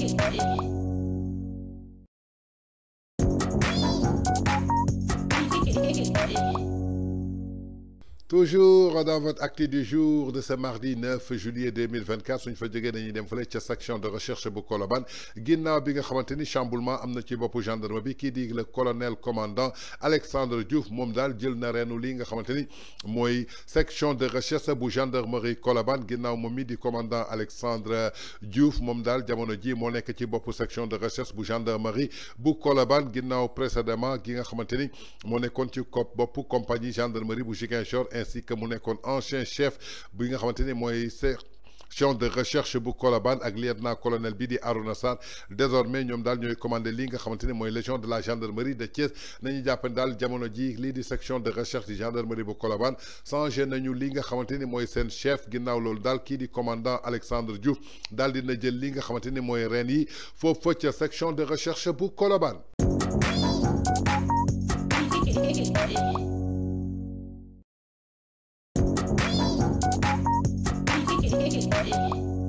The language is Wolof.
Thank you. toujours dans votre acte du jour de ce mardi 9 juillet 2024 suñ fa jógee dañuy dem section de recherche bu Colobane ginnaaw bi nga chamboulement ci gendarme bi le colonel commandant Alexandre Diouf moom daal jël na reenu lii nga section de recherche bu gendarmerie Colobane ginnaaw moom mi di commandant Alexandre Diouf moom daal jamono ji moo ci section de recherche bu gendarmerie bu Colobane ginnaaw précédemment gi nga xamante ni ci compagnie gendarmerie bu Ziguinchor ainsi que mon nekkoon ancien chef bu nga xamantene moy section de recherche bu Colobane ak lieutenant colonel Bidi di Arouna désormais ñom dal ñoy commandé li nga xamantene moy légion de la gendarmerie de Thiès nañu jàpp dal jamono ji li di section de recherche de gendarmerie bu Sans changé nañu li nga xamantene moy sen chef ginnaw lol qui ki di commandant Alexandre Diouf di na jël li nga xamantene moy reine yi ci section de recherche bu Hey.